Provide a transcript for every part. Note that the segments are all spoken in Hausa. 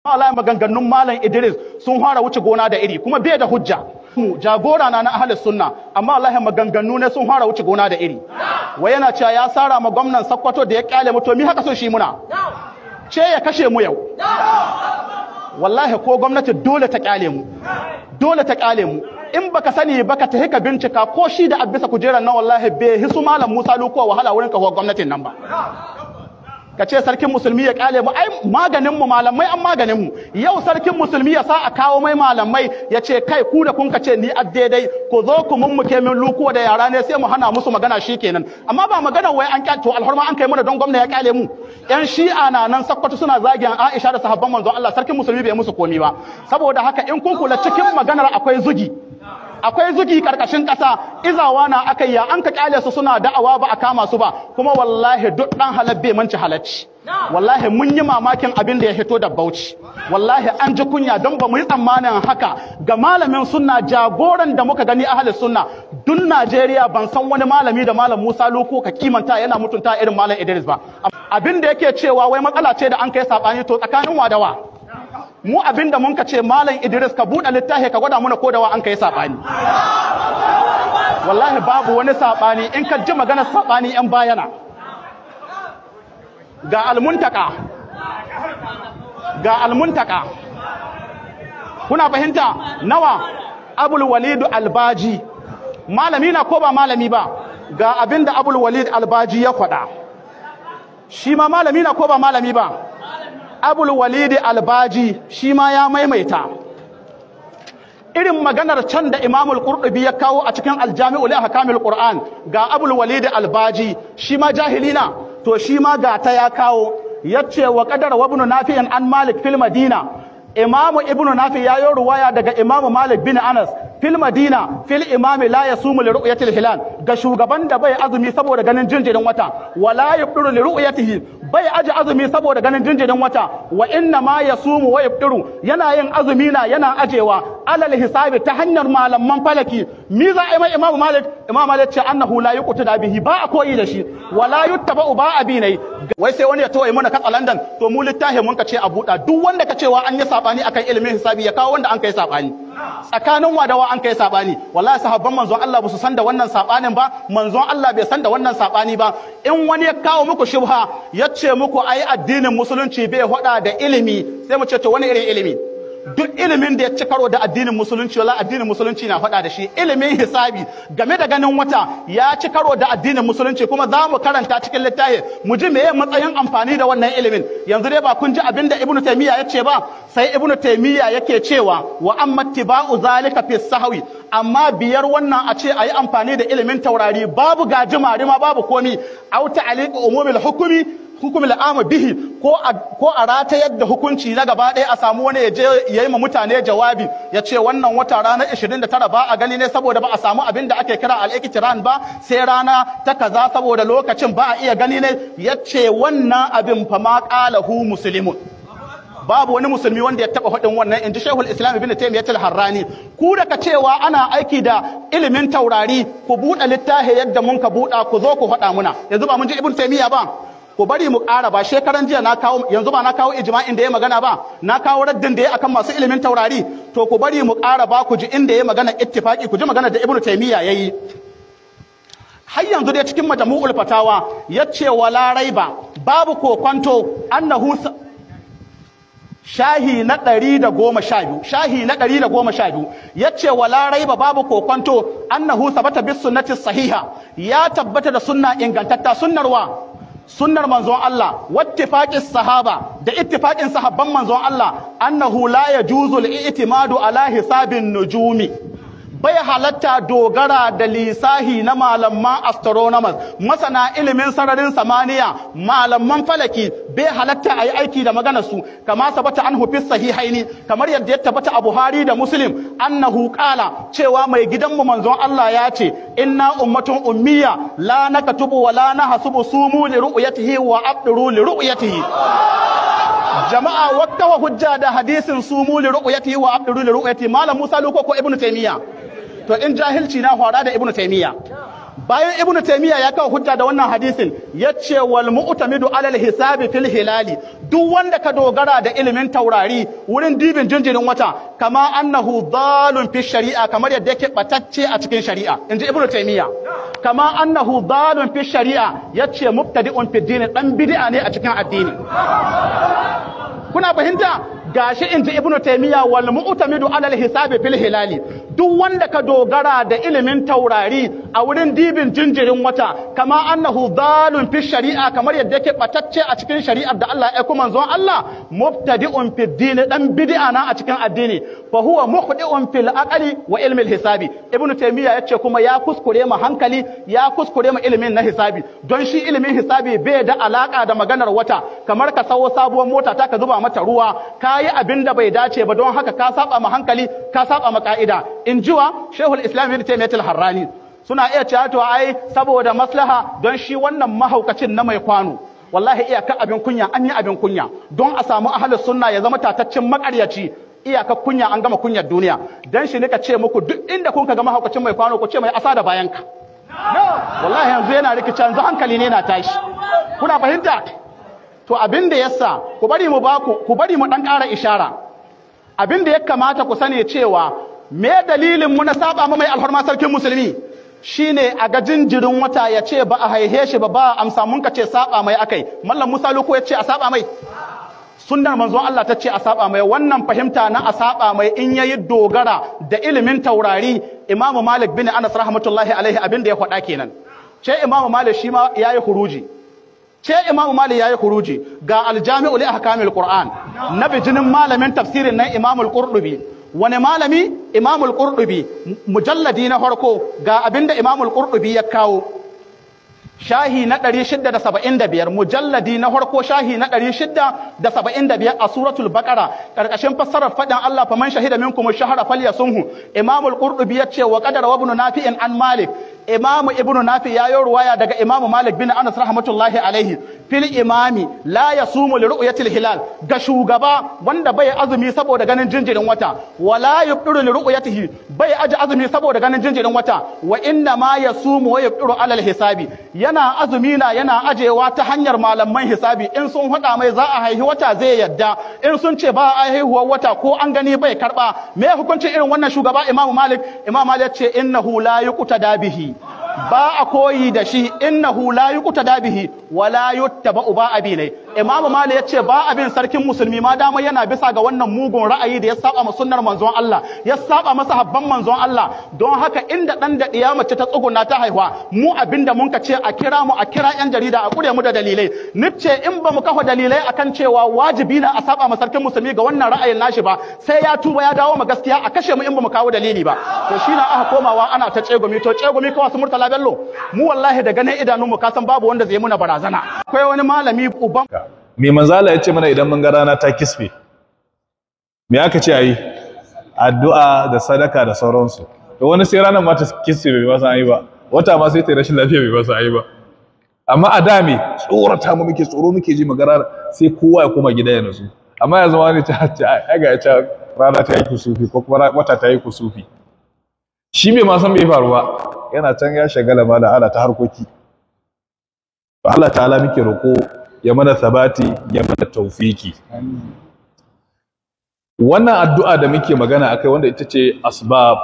Allah maganganun Malam Idris sun fara wuce gona da iri kuma bai da hujja. Mu jagora na na ahlus sunna amma Allah maganganu ne sun fara wuce gona da iri. Wai yana cewa ya sara ma gwamnan Sokoto da ya kyale mu to mi haka so shi muna. Ce ya kashe mu yau. Wallahi ko gwamnati dole ta kyale mu. Dole ta kyale mu. in baka sani baka ta hika bincika ko shi da abisa kujerar na wallahi bai hisu malam Musa Luko wahala wurin kawo gwamnatin nan ba. ka ce sarkin musulmi ya kyale mu ai maganin mu malamai an maganin mu yau sarkin musulmi ya sa a kawo mai malamai ya ce kai ku da kun ka ce ni daidai ku zo ku mun muke min lukuwa da yara ne sai mu hana musu magana shikenan amma ba magana wai an kyale to alhorma an kai mana don gwamna ya kyale mu yan shi'a na nan sakkwato suna zagiyan Aisha da sahabban manzon Allah sarkin musulmi bai musu komi ba saboda haka in kun kula cikin maganar akwai zugi akwai zugi karkashin ƙasa izawa na aka ya an ka kyale su suna da'awa ba a kama su ba kuma wallahi duk dan halal bai manci halacci wallahi mun yi mamakin abin da ya hito da bauchi wallahi an ji kunya don ba mu yi tsammanin haka ga malamin sunna jagoran da muka gani ahalin sunna dun Najeriya ban san wani malami da malam Musa Loko ka kimanta yana mutunta irin malam Idris ba abin da yake cewa wai matsala ce da an kai sabani to tsakanin wa da wa mu abinda mun ka ce malam Idris ka buɗe littafi ka gwada muna kodawa an kai sabani wallahi babu wani sabani in ka ji maganar sabani yan bayana ga almuntaka ga almuntaka kuna fahimta nawa abul walid albaji malami na ko ba malami ba ga abinda abul walid albaji ya kwada shi ma malami na ko ba malami ba abul walidi albaji shi ma ya maimaita irin maganar can da imamul ƙurɗubi ya kawo a cikin aljami'u li ahkamil qur'an ga Abulwalidi albaji shi ma jahilina to shi ma ga ta ya kawo yace wa qadar wa ibn nafi'in an malik fil madina imamu ibn nafi ya yi ruwaya daga imamu malik bin anas fil madina fil imami la yasumu li ru'yati hilal ga shugaban da bai azumi saboda ganin jinjirin wata wala yubdiru li ru'yatihi bai aji azumi saboda ganin jinjirin wata wa inna ma yasumu wa iftiru yana yin azumi na yana ajewa alal hisabi ta hanyar malaman falaki mi za a yi mai imamu malik imamu malik ce annahu la yuqtu da bihi ba a koyi da shi wala yuttaba ba abi ne wai sai wani ya toye mana katsa Landan? to mu littafin mun ka ce a buɗa duk wanda ka cewa an yi sabani akan ilimin hisabi ya kawo wanda an kai sabani tsakanin wa an kai sabani wallahi sahabban manzon Allah su san da wannan sabanin ba manzon Allah bai san da wannan sabani ba in wani ya kawo muku shubha ya ce muku ai addinin musulunci bai hada da ilimi sai mu ce to wani irin ilimi duk ilimin da ya ci karo da addinin musulunci wala addinin musulunci na hada da shi ilimin hisabi game da ganin wata ya ci karo da addinin musulunci kuma za mu karanta cikin littafi mu ji meye matsayin amfani da wannan ilimin yanzu dai ba kun ji abin da ibnu taymiya ya ce ba sai ibnu taymiya yake cewa wa amma tiba'u zalika fi sahwi amma biyar wannan a ce a yi amfani da ilimin taurari babu gajimari ma babu komi auta ta'aliq umumil hukumi hukumi la'amu bihi ko a rata yadda hukunci na gaba ɗaya a samu wani ya je ma mutane jawabi ya ce wannan wata ranar 29 ba a gani ne saboda ba a samu abin da ake kira al ba sai rana ta kaza saboda lokacin ba a iya gani ne ya ce wannan abin fa ma ƙalahu musulmi babu wani musulmi wanda ya taɓa faɗin wannan in ji shehul islam ibn taymiyyah al-harrani ku daga cewa ana aiki da ilimin taurari ku buɗe littafi yadda mun ka buɗa ku zo ku haɗa muna yanzu ba mun ji ibn taimiyya ba Ku bari mu ƙara ba shekaran jiya na kawo yanzu ba na kawo ijma'in da ya magana ba na kawo raddin da ya akan masu ilimin taurari to ku bari mu ƙara ba ku ji inda ya magana ittifaqi ku ji magana da ibnu taymiya yayi har yanzu dai cikin majmu'ul fatawa yace wala raiba babu kokonto annahu shahi na ɗari da goma sha biyu shahi na ɗari da goma sha biyu ya ce wa larai ba babu kokwanto annahu sabata bis sunnati sahiha ya tabbata da sunna ingantatta sunnar sunnar manzon Allah wattifaqis sahaba da ittifaqin sahabban manzon Allah annahu la yajuzu al-i'timadu ala hisabin nujumi bai halatta dogara da lisahi na malaman astronomers masana ilimin sararin samaniya malaman falaki bai halatta a yi aiki da maganar su kama sabata an hufi sahihaini kamar yadda ya tabbata a Buhari da Muslim annahu qala cewa mai gidanmu manzon Allah ya ce inna ummatun ummiya la nakatubu wa la nahsubu sumu li ru'yatihi wa abduru li ru'yatihi jama'a wakawa hujja da hadisin sumu li ru'yatihi wa abduru li ru'yatihi malam Musa Luko ko Ibn Taymiyyah to in jahilci na hwara da Ibn Taymiyyah bayan ibn taymiya ya kawo hujja da wannan hadisin yace wal mu'tamidu alal hisabi fil hilali duk wanda ka dogara da ilimin taurari wurin dibin jinjirin wata kama annahu dalun fi shari'a kamar yadda yake batacce a cikin shari'a inji ibn taymiya kama annahu dalun fi shari'a yace mubtadi'un fi dini dan bid'a ne a cikin addini kuna fahimta gashi in ji ibnu taymiya wal mu'tamidu alal hisabi fil hilali duk wanda ka dogara da ilimin taurari a wurin dibin jinjirin wata kama annahu zalun fi shari'a kamar yadda yake batacce a cikin shari'ar da Allah ya ku manzon Allah mubtadi'un fi din dan bid'a na a cikin addini fa huwa mukhdi'un fil aqli wa ilmi hisabi ibnu taymiya yace kuma ya kuskure ma hankali ya kuskure ma ilimin na hisabi don shi ilimin hisabi bai da alaka da maganar wata kamar ka sawo sabuwar mota ta ka zuba mata ruwa ka kayi abin da bai dace ba don haka ka saba ma hankali ka saba ma ka'ida in jiwa shehul islam ibn taymiyyah harrani suna iya cewa to ai saboda maslaha don shi wannan mahaukacin na mai kwano wallahi iyaka abin kunya an yi abin kunya don a samu ahlus sunna ya zama tataccen makaryaci iyaka kunya an gama kunyar duniya dan shi nika ce muku duk inda kun ga mahaukacin mai kwano ku ce mai asa da bayanka wallahi yanzu yana rikicin yanzu hankali ne na tashi kuna fahimta to abin da yasa ku bari mu ba ku ku bari mu dan ƙara ishara abin da ya kamata ku sani cewa me dalilin mu na saba mu mai alhurma sarkin musulmi shine a ga jinjirin wata ya ce ba a haihe shi ba ba amsa mun ka ce saba mai akai mallam Musa luku ya ce a saba mai sunnar manzo Allah ta ce a saba mai wannan fahimta na a saba mai in yayi dogara da ilimin taurari Imam Malik bin Anas rahmatullahi alaihi abin da ya faɗa kenan ce Imam Malik shi ma yayi huruji ce imamu malik yayi huruji ga aljami'u li ahkamil qur'an na bijinin malamin tafsirin nan imamul qurdubi wani malami imamul qurdubi mujalladi na harko ga abinda imamul qurdubi ya kawo shahi na 675 mujalladi na harko shahi na 675 a suratul baqara karkashin fassarar fadin Allah fa man shahida minkum ash-shahra falyasumhu imamul qurdubi ya ce wa qadara ibn nafi'in an malik imamu ibnu nafi ya yi ruwaya daga imamu malik bin anas rahmatullahi alaihi fil imami la yasumu li ru'yatil hilal ga shugaba wanda bai azumi saboda ganin jinjirin wata wala yubdiru li ru'yatihi bai aji azumi saboda ganin jinjirin wata wa inna ma ya wa yubdiru alal hisabi yana azumi na yana ajewa ta hanyar malaman hisabi in sun hada mai za a haihi wata zai yadda in sun ce ba a haihuwar wata ko an gani bai karɓa me hukuncin irin wannan shugaba imamu malik imamu malik ce innahu la yuqta dabihi ba a koyi da shi innahu hula yuqtada bihi wa wala yuttaba ba abi ne imamu mali ya ce ba abin sarkin musulmi ma dama yana bisa ga wannan mugun ra'ayi da ya saba ma sunnar manzon Allah ya saba masa habban manzon Allah don haka inda dan da diya mace ta tsuguna ta haihuwa mu abinda mun ka ce a kira mu a kira yan jarida a kure mu da dalilai nice in ba mu kafa dalilai akan cewa wajibi na a saba ma sarkin musulmi ga wannan ra'ayin nashi ba sai ya tuba ya dawo ma gaskiya a kashe mu in ba mu kawo dalili ba to shi na aka komawa ana ta tsegumi to tsegumi kawai su murtala bello mu wallahi da ganin idanun mu kasan babu wanda zai muna barazana akwai wani malami uban me manzala ya ce mana idan mun ga rana ta kisbe me aka ce ayi addu'a da sadaka da sauransu to wani sai ranar ma ta kisbe bai masa ayi ba wata ma sai ta rashin lafiya bai masa ayi ba amma a da me tsorata mu muke tsoro muke ji magana sai kowa ya koma gida ya nutsu amma yanzu wani ta ce ai ga ya ce rana ta yi kusufi ko kuma wata ta yi kusufi shi bai ma san bai faruwa yana can ya shagala ma da ala ta harkoki Allah ta'ala muke roƙo ya mana sabati ya mana taufiki wannan addu'a da muke magana akai wanda ita ce asbab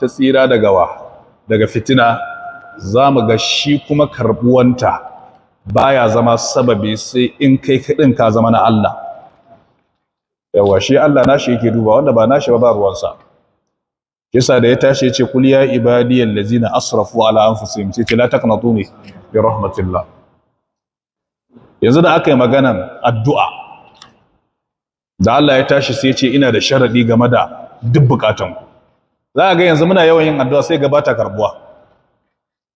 ta tsira daga wa daga fitina za mu ga shi kuma karbuwanta baya zama sababi sai in kai kaɗin ka zama na Allah yawa shi Allah nashi yake duba wanda ba nashi ba ba ruwansa Kisa da ya tashi ya ce ya ibadiyal ladzina asrafu ala anfusihim sai la taqnatu min rahmatillah yanzu da aka yi maganan addu'a da Allah ya tashi sai ce ina da sharaɗi game da duk bukatun za a ga yanzu muna yawan yin addu'a sai ga bata karbuwa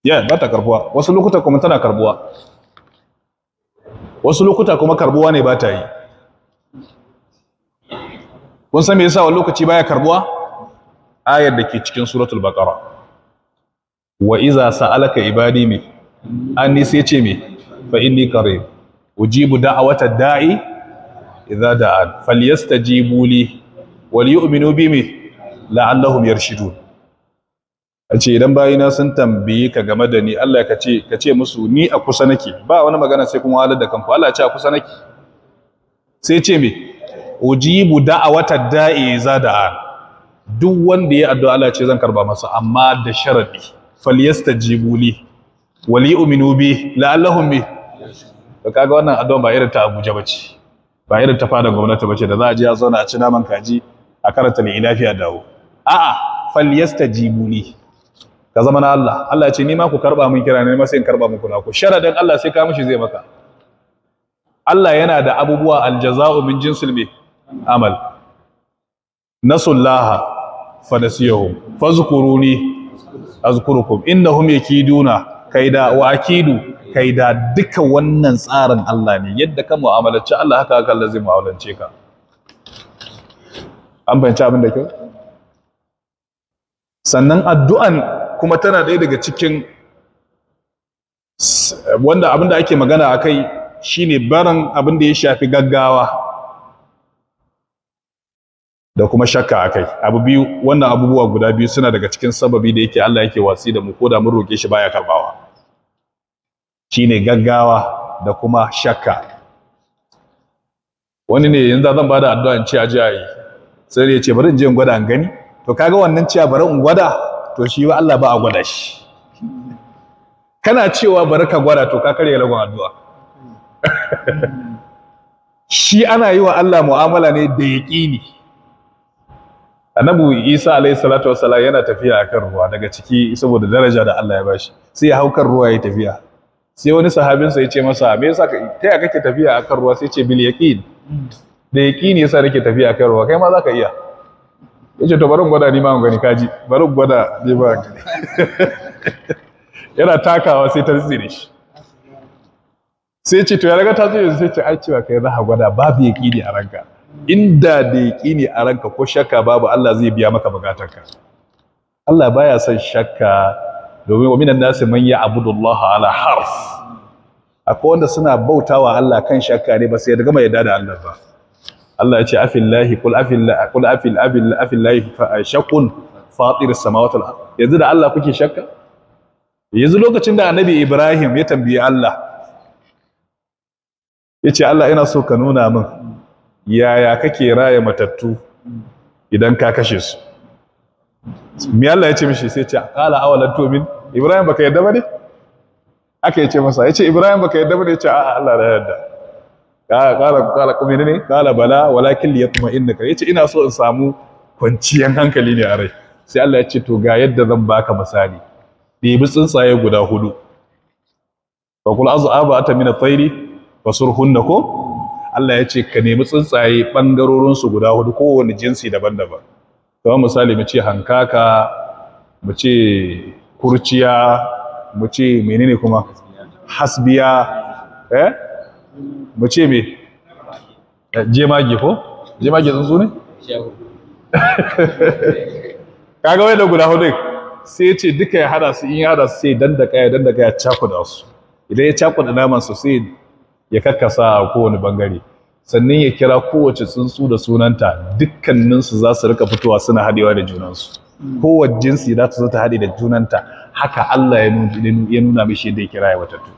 ya bata karbuwa wasu lokuta kuma tana karbuwa wasu lokuta kuma karbuwa ne bata yi kun san me yasa wani lokaci baya karbuwa ayar da ke cikin suratul baqara wa iza sa'alaka ibadi mi an sai ce me fa inni qareeb ujibu da'awata da'i idza da'an falyastajibu li wal yu'minu bi mi la'allahum yarshidun ace idan bayina sun tambaye ka game da ni Allah ka ce ka ce musu ni a kusa nake ba wani magana sai kuma wahalar da kanku Allah ya ce a kusa nake sai ce me ujibu da'awata da'i idza da'an duk wanda ya addu'a Allah ce zan karba masa amma da sharadi falyastajibu li wal yu'minu bi la'allahum bi to kaga wannan addu'a ba irin ta Abuja bace ba irin ta fada gwamnati bace da za a je a zauna a ci naman kaji a karanta ni lafiya dawo a'a falyastajibu ka zama na Allah Allah ya ce ni ma ku karba min kira ne ma sai in karba muku na ku sharadin Allah sai ka mishi zai maka Allah yana da abubuwa aljaza'u min jinsil me amal nasullaha fa nasiyahum fazkuruni azkurukum innahum yakiduna kaida wa akidu kai da duka wannan tsarin Allah ne yadda ka mu'amalanci Allah haka haka Allah zai mu'amalance ka an fahimci abin da kyau sannan addu'an kuma tana ɗaya daga cikin wanda abin da ake magana a kai shine barin abin da ya shafi gaggawa da kuma shakka a kai abu biyu wannan abubuwa guda biyu suna daga cikin sababi da yake Allah yake watsi da mu ko da mun roƙe shi baya karbawa shine gaggawa da kuma shakka wani ne yanzu zan bada addu'a in ciyar aje ayi sai ya ce bari in je in gwada in gani to kaga wannan ciyar bari in gwada to shi wa Allah ba a gwada shi kana cewa bari ka gwada to ka karya lagon addu'a shi ana yi wa Allah mu'amala ne da yaƙini annabi Isa alaihi salatu wasala yana tafiya akan ruwa daga ciki saboda daraja da Allah ya bashi sai ya hau kan ruwa ya tafiya sai wani sahabinsa ya ce masa me yasa ta ya kake tafiya akan ruwa sai ce bil yaqin da yaqini yasa nake tafiya akan ruwa kai ma zaka iya yace to bari gwada ni ma gani kaji bari gwada ni ma gani yana takawa sai ta tsire shi sai ce to ya raga ta tsire sai ce ai cewa kai za gwada babu yaqini a ranka inda da yaqini a ranka ko shakka babu Allah zai biya maka bukatarka Allah baya son shakka domin wa minan nasi man ya'budullaha ala harf akwai wanda suna bautawa Allah kan shakka ne ba sai daga mai dada da Allah ba Allah ya ce afillahi kul afillahi kul afil afil afillahi shaqqun fatir samawati wal ard yanzu da Allah kuke shakka yanzu lokacin da annabi Ibrahim ya tambayi Allah yace Allah ina so ka nuna min yaya kake raye matattu idan ka kashe su me Allah ya ce mishi sai ce qala awalan tu'min Ibrahim baka yarda ba ne aka yace masa yace Ibrahim baka yarda ba ne yace a Allah ya yarda qala qala qala kuma ne qala bala walakin liyatma'innaka yace ina so in samu kwanciyan hankali ne a rai sai Allah ya ce to ga yadda zan baka misali ɗebi tsuntsaye guda hudu fa kul azaba ata min at-tayri fasurhunnakum ko Allah ya ce ka nemi tsuntsaye bangarorin su guda hudu kowane jinsi daban-daban kamar misali mu ce hankaka mu ce kurciya mu ce menene kuma hasbiya eh mu ce me eh, jemage ko jemage tsuntsu ne kaga wai da guda hudu sai ya ce duka ya hada su in ya hada su sai dandaka ya dandaka ya cakuda su idan ya cakuda naman su sai ya kakkasa a kowane bangare sannan ya kira kowace tsuntsu da sunanta dukkaninsu za su rika fitowa suna haɗewa da junansu kowace jinsi za ta zo ta haɗe da junanta haka Allah ya nuna mishi yadda ya kira ya wata to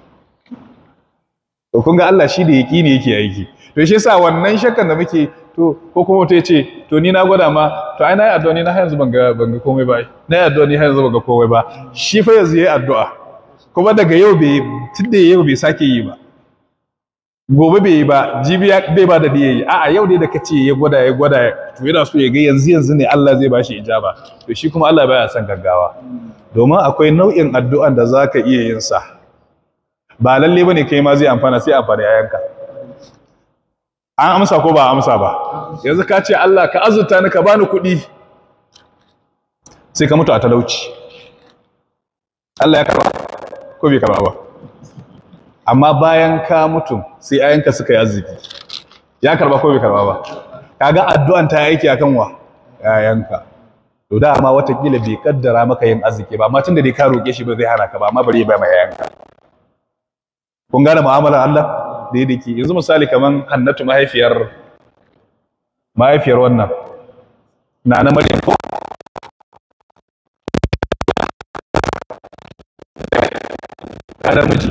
kun ga Allah shi da yaƙi ne yake aiki to shi yasa wannan shakkan da muke to ko kuma wata ya ce to ni na gwada ma to ai na yi addu'a ni na yanzu ban ga ban ga komai ba na yi addu'a ni yanzu ban ga komai ba shi fa yanzu yayi addu'a kuma daga yau bai tunda yau bai sake yi ba gobe bai yi ba jibi bai ba da da yayi a'a yau dai da kace ya gwada ya gwada to yana so ya ga yanzu yanzu ne Allah zai bashi ijaba to shi kuma Allah baya son gaggawa domin akwai nau'in addu'an da zaka iya yin sa ba lalle bane kai ma zai amfana sai amfana yayanka an amsa ko ba amsa ba yanzu ka ce Allah ka azurta ni ka bani kuɗi sai ka mutu a talauci Allah ya karba ko bai karba ba amma bayan ka mutum sai ayanka suka yi arziki ya karba ko bai karba ba kaga addu'an ta aiki akan wa ayanka to da ma watakila bai kaddara maka yin arziki ba amma tunda dai ka roke shi ba zai hana ka ba amma bari ba mai ayanka kun gane mu'amalar Allah da yake yanzu misali kaman Hannatu mahaifiyar mahaifiyar wannan na na Maryam ko miji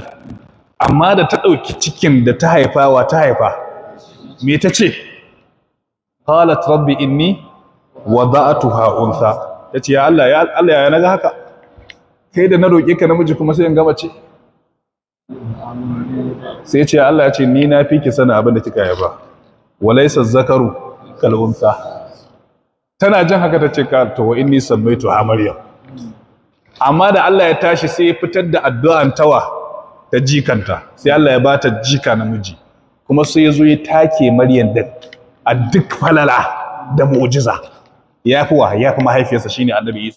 amma da ta ɗauki cikin da ta haifa wa ta haifa me ta ce qalat rabbi inni wada'tuha unsa tace ya Allah ya Allah ya naga haka kai da na roke ka namiji kuma sai in ga ce sai ya ce Allah ya ce ni na fi ki sana abin da kika yaba walaysa zakaru kal untha tana jin haka tace ka to wa inni sammaitu ha maryam amma da Allah ya tashi sai ya fitar da addu'an tawa ta jikanta sai Allah ya bata jika namiji kuma sai ya zo ya take Maryam da a duk falala da mu'jiza yafi wa yafi mahaifiyarsa shine Annabi Isa